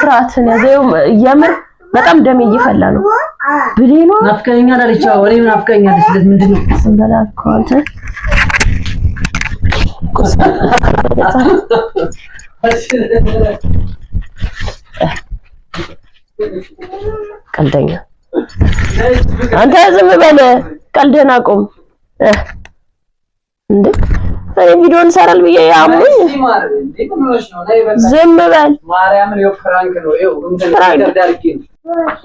ስርዓትን ያዘው። የምር በጣም ደሜ እየፈላ ነው። ብሌ ነው ናፍቀኛ ዳርቻ ወሬ ምን ናፍቀኛ ደስለት ምንድነው ስንበላልኩ አንተ ቀልደኛ አንተ ዝም በለ፣ ቀልደና አቁም እንዴ! እኔ ቪዲዮ እንሰራል ብዬ ያሙኝ ዝም በል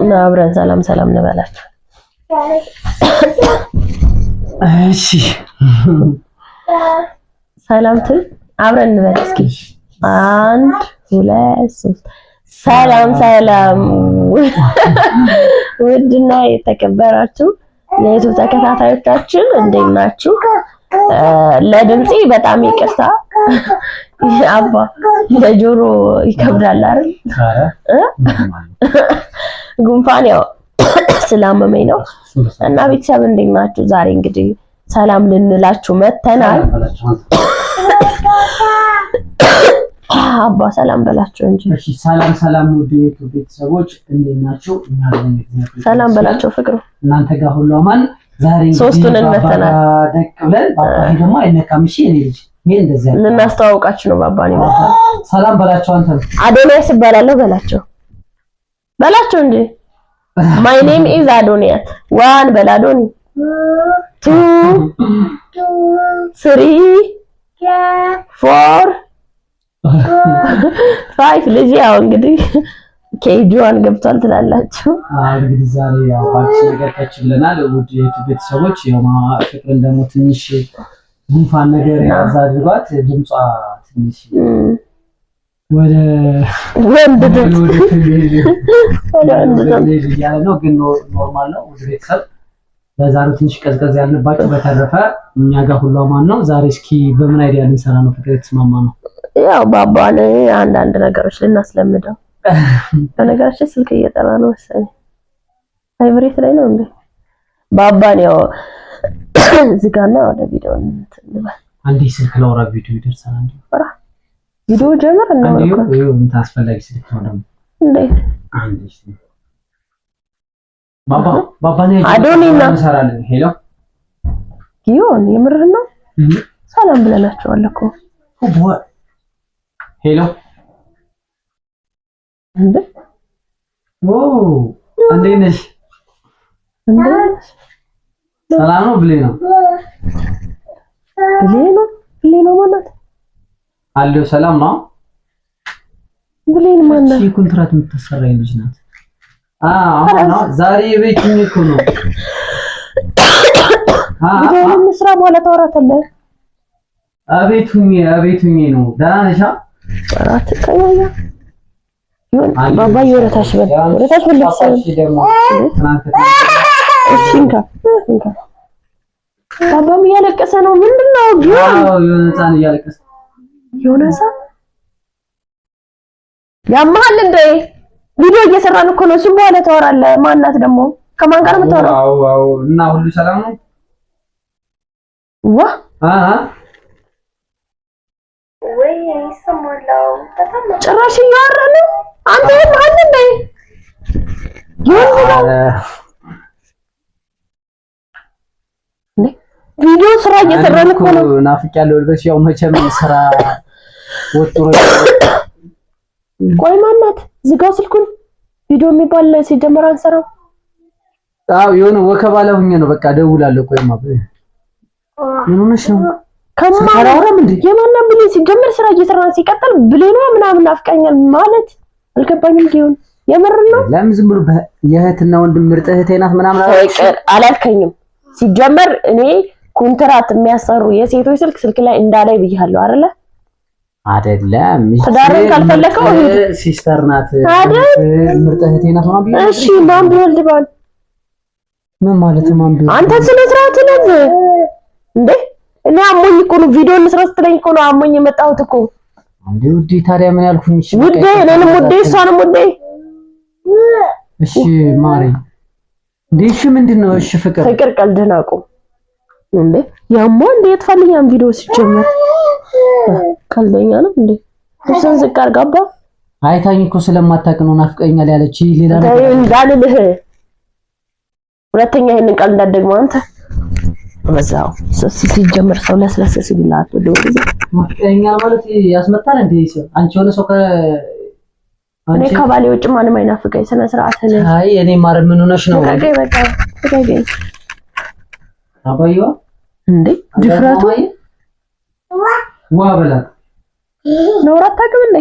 እና አብረን ሰላም ሰላም እንበላችሁ። እሺ ሰላምትን አብረን እንበል እስኪ አንድ ሁለት ሶስት። ሰላም ሰላም ውድና የተከበራችሁ የዩቱብ ተከታታዮቻችን እንዴት ናችሁ? ለድምፄ በጣም ይቅርታ አባ ለጆሮ ይከብዳል አይደል? ጉንፋን ያው ስላመመኝ ነው። እና ቤተሰብ እንዴት ናችሁ? ዛሬ እንግዲህ ሰላም ልንላችሁ መተናል። አባ ሰላም በላቸው እንጂ። እሺ ሰላም ሰላም፣ ውድ ቤተሰቦች እንዴት ናችሁ? ሰላም በላቸው ፍቅሩ እናንተ ጋር ሁሉ አማን ዛሬ ሶስቱን እንመተናል ደቅ ብለን ባባሄ ደግሞ አይነካም። እሺ እኔ ልጅ ምን እንደዚህ ልናስተዋውቃችሁ ነው። ባባኔ መጣ። ሰላም በላቸው። አንተ አዶኒያስ እባላለሁ በላቸው በላቸው እንጂ ማይ ኔም ኢዝ አዶኒያስ ዋን በላዶኒ ቱ ስሪ ፎር ፋይቭ ልጅ ያው እንግዲህ ኬጆዋን ገብቷል ትላላችሁ። እንግዲህ ዛሬ ያው ባክስ ነገር ከች ብለናል። ውድ የዩቱብ ቤተሰቦች ፍቅርን ደግሞ ትንሽ ጉንፋን ነገር ያዝ አድርጓት ድምጿ ትንሽ ወደ ወንድ ድምፅ እያለ ነው፣ ግን ኖርማል ነው። ውድ ቤተሰብ በዛሬው ትንሽ ቀዝቀዝ ያለባቸው። በተረፈ እኛ ጋር ሁሉ አማን ነው። ዛሬ እስኪ በምን አይዲያ ልንሰራ ነው? ፍቅር የተስማማ ነው። ያው ባባን አንዳንድ ነገሮች ልናስለምደው በነገራችን ስልክ እየጠራ ነው መሰለኝ። ቫይብሬት ላይ ነው እንዴ? ባባን ያው ዝጋና ወደ ቪዲዮ እንትልባል። አንዴ ስልክ ላውራ ቪዲዮ ይደርሳል። አንዴ ወራ ቪዲዮ ጀምር ነው እኮ ነው ታስፈላጊ ስልክ ነው ደግሞ እንዴ አንዴ ባባ ባባ ነው አዶኒና እንሰራለን። ሄሎ ጊዮን የምርህ ነው? ሰላም ብለናቸዋል እኮ ሄሎ እንዴት ነሽ? ሰላም ነው። ብሌ ነው ብሌ ነው ብሌ ነው ማለት አለው። ሰላም ነው። ብሌን ማለት እሺ፣ ኮንትራት የምትሰራኝ ልጅ ናት። ዛሬ የቤት እኮ ነው ስራ በኋላ ታወራታለህ። አቤት ሁኜ አቤት ሁኜ ነው። ደህና ነሽ? ባባዬ ወረታሽ በል ወረታሽ በል ባባም እያለቀሰ ነው። ምንድን ነው ዮናስ እንዴ? ቪዲዮ እየሰራን እኮ ነው። እሱም በኋላ ታወራለህ። ማናት ደግሞ ከማን ጋር የምታወራው? አዎ አዎ። እና ሁሉ ሰላም ነው? ዋ አሃ ወይ ይሰማል። በጣም ጭራሽ እያወራ ነው ቪዲዮ ስራ እየሰራን እኮ ነው። ናፍቄያለሁ። ልበሽ ያው መቼም ስራ ወጥሮ ቆይ ማናት ዝጋው ስልኩን። ቪዲዮ የሚባል ሲጀመር አንሰራው። አዎ የሆነ ወከባ ላይ ሆኜ ነው። በቃ ደውላለሁ። ቆይማ ምን ሆነሽ ነው? ከማራ የማና ብሌን ሲጀመር ስራ እየሰራን ሲቀጥል ብሌኗ ምናምን ናፍቃኛል ማለት አልገባኝም። ዲሆን የምር ነው። ለምን ዝም ብሎ የእህትና ወንድም ምርጥ እህቴ ናት ምናምን አላልከኝም። ሲጀመር እኔ ኮንትራት የሚያሰሩ የሴቶች ስልክ ስልክ ላይ እንዳላይ ብያለሁ አይደለ? አይደለም ትዳርን ካልፈለከው ሲስተር ናት አይደል? ምርጥ እህቴ ናት ምናምን። እሺ ማን ቢወልድ ባል ምን ማለት ማን ቢሆን አንተ ስነ ስርዓት ነህ እንዴ? እኔ አሞኝ እኮ ነው ቪዲዮ እንስራ ስትለኝ እኮ ነው አሞኝ የመጣሁት እኮ እንዴ ውዴ፣ ታዲያ ምን ያልኩኝ? እሺ ውዴ፣ እኔንም ውዴ፣ እሷንም ውዴ። እሺ ማሪ፣ እንዴ እሺ፣ ምንድን እሺ ፍቅር፣ ፍቅር ቀልድህን አቁም። እንዴ ያማ እንዴ የትፈልኛም ቪዲዮ ሲጀመር ቀልደኛ ነው እንዴ? ልብስን ዝቅ አድርጋባ። አይታኝ እኮ ስለማታውቅ ነው ናፍቀኛል ያለች። ሌላ ነገር እንዳልልህ፣ ሁለተኛ ይሄንን ቃል እንዳትደግመው አንተ በዛው ሲጀምር ሰው ለስለስ ሲብላ አትወደው ወደዛ ማቀኛል ማለት ያስመታል። እንዴ ሰው አንቺ የሆነ ሰው ከ እኔ ከባሌ ውጭ ማንም አይናፍቀኝ። ስነ ስርዓት ነኝ። አይ እኔ ማር ምን ሆነሽ ነው? ተረጋጊ፣ በቃ ተረጋጊ። አባዬዋ እንዴ ድፍረቱ ዋ በላት ነውር አታውቅም እንዴ?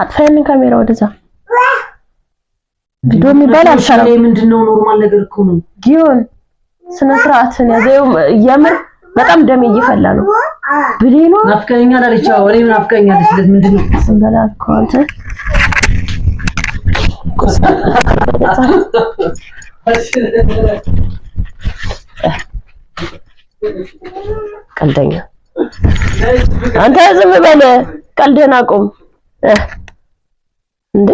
አጥፋ ያንን ካሜራ ወደዛ ቪዲዮ የሚባል አልሻለም። ምንድነው ኖርማል ነገር እኮ ነው ጊዮን ስነ ስርዓትን ያዘው። የምር በጣም ደሜ እየፈላ ነው። ብሌኖ ናፍቀኛ ዳልቻ ወሬ ናፍቀኛ ዳልቻ ምንድን ነው ስንበላ እኮ አንተ ቀልደኛ አንተ ዝም በል ቀልድህን አቁም እንዴ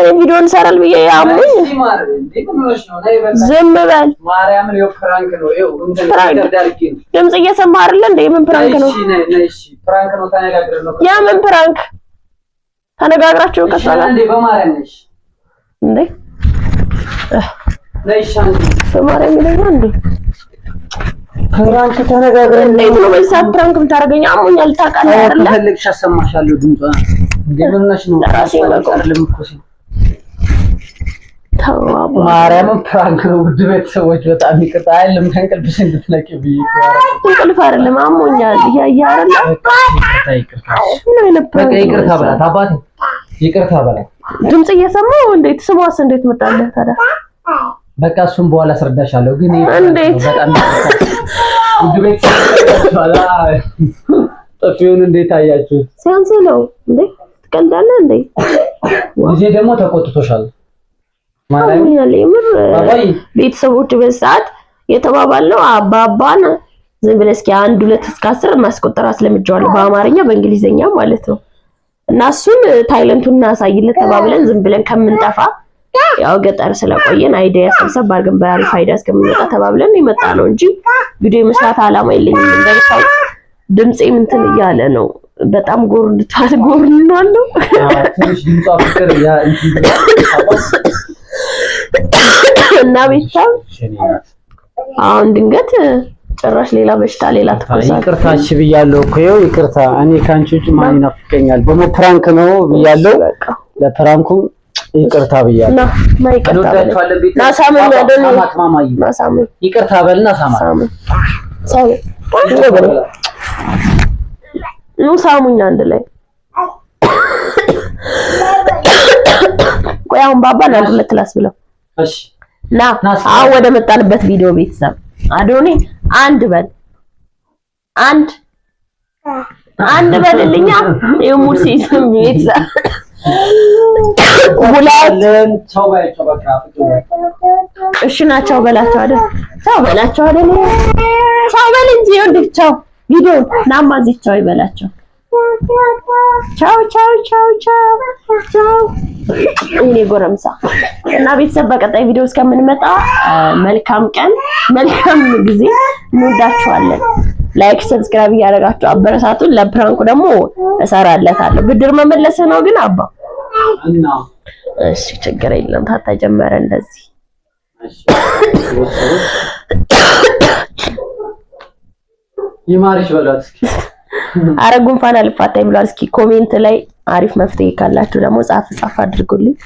እኔ ቪዲዮ ብዬ አሙኝ ዝም በል። ድምፅ እየሰማህ አይደለ እንዴ? የምን ፕራንክ ነው? የምን ፕራንክ ተነጋግራችሁ ከሳላ እንዴ? በማርያም ነሽ እንዴ? እንዴ? ፕራንክ ተነጋግረን እንዴት ነው በዚህ ሰዓት ፕራንክ የምታደርገኝ? አሞኛል ታውቃለህ አይደለ? ከፈለግሽ አሰማሻለሁ ድምጿን። እንደምን ነሽ ነው ራሴ ነው ማርያምን ፕራንክ ነው። ውድ ቤተሰቦች በጣም ይቅርታ። አይደለም ከእንቅልፍሽ እንድትነቂ ብዬ እንቅልፍ አይደለም አሞኛል። እያየህ አይደለም። ይቅርታ በላት አባቴ፣ ይቅርታ በላት። ድምፅ እየሰማሁ እንዴት ስሟስ እንዴት መጣለህ ታዲያ? በቃ እሱም በኋላ አስረዳሻለሁ። ግን እንዴት በጣም ውድ ቤተሰቦች ጥፊውን እንዴት አያችሁ? ሲያንስ ነው እንዴ? ትቀልዳለህ እንዴ? ጊዜ ደግሞ ተቆጥቶሻል። አምኛለሁ። የምር ቤተሰቦች በሰዓት የተባባልነው አባባን ዝም ብለህ እስኪ አንድ ሁለት እስከ አስር ማስቆጠር አስለምጄዋለሁ በአማርኛ በእንግሊዝኛ ማለት ነው። እና እሱን ታይለንቱን እናሳይለት ተባብለን ዝም ብለን ከምንጠፋ ያው ገጠር ስለቆየን አይዲያ ሰብሰብ ባርገን በአሪፍ አይዲያ እስከምንወጣ ተባብለን የመጣ ነው እንጂ ቪዲዮ የመስራት አላማ የለኝም። እንደምታው ድምፄም እንትን እያለ ነው። በጣም ጎርድቷል። ጎርድኗል ነው እና ቤታ አሁን ድንገት ጭራሽ ሌላ በሽታ ሌላ ትኩሳት። ይቅርታ እሺ ብያለሁ እኮ ይኸው ይቅርታ። እኔ ከአንቺ ውጭ ማን ይናፍቀኛል? በመፕራንክ ነው ብያለሁ። ለፕራንኩ ይቅርታ ብያለሁ። ና ይቅርታ ይቅርታ በልና ሳመኝ ሳመኝ ኑ ሳሙኝ አንድ ላይ ቆይ አሁን ባባን አንድ ሁለት ላስ ብለው ና አሁን ወደ መጣንበት ቪዲዮ ቤተሰብ አዶኒ አንድ በል አንድ አንድ በልልኛ ቤተሰብ ሁለት እሺ ናቸው በላቸው አይደል ቻው በላቸው አይደል ቻው በል እንጂ ቻው ቪዲዮ ናማ እዚህ ቻው ይበላቸው ቻው ቻው ቻው ቻው እኔ ጎረምሳ እና ቤተሰብ በቀጣይ ቪዲዮ እስከምንመጣ መልካም ቀን፣ መልካም ጊዜ። እንወዳችኋለን። ላይክ፣ ሰብስክራይብ እያደረጋችሁ አበረታቱን። ለፕራንኩ ደግሞ እሰራለታለሁ። ብድር መመለስ ነው ግን አባ እሺ፣ ችግር የለም ታታ ጀመረ እንደዚህ ይማርሽ በሏት። አረ ጉንፋን አልፋታኝ ብሏል። እስኪ ኮሜንት ላይ አሪፍ መፍትሄ ካላችሁ ደግሞ ጻፍ ጻፍ አድርጉልኝ።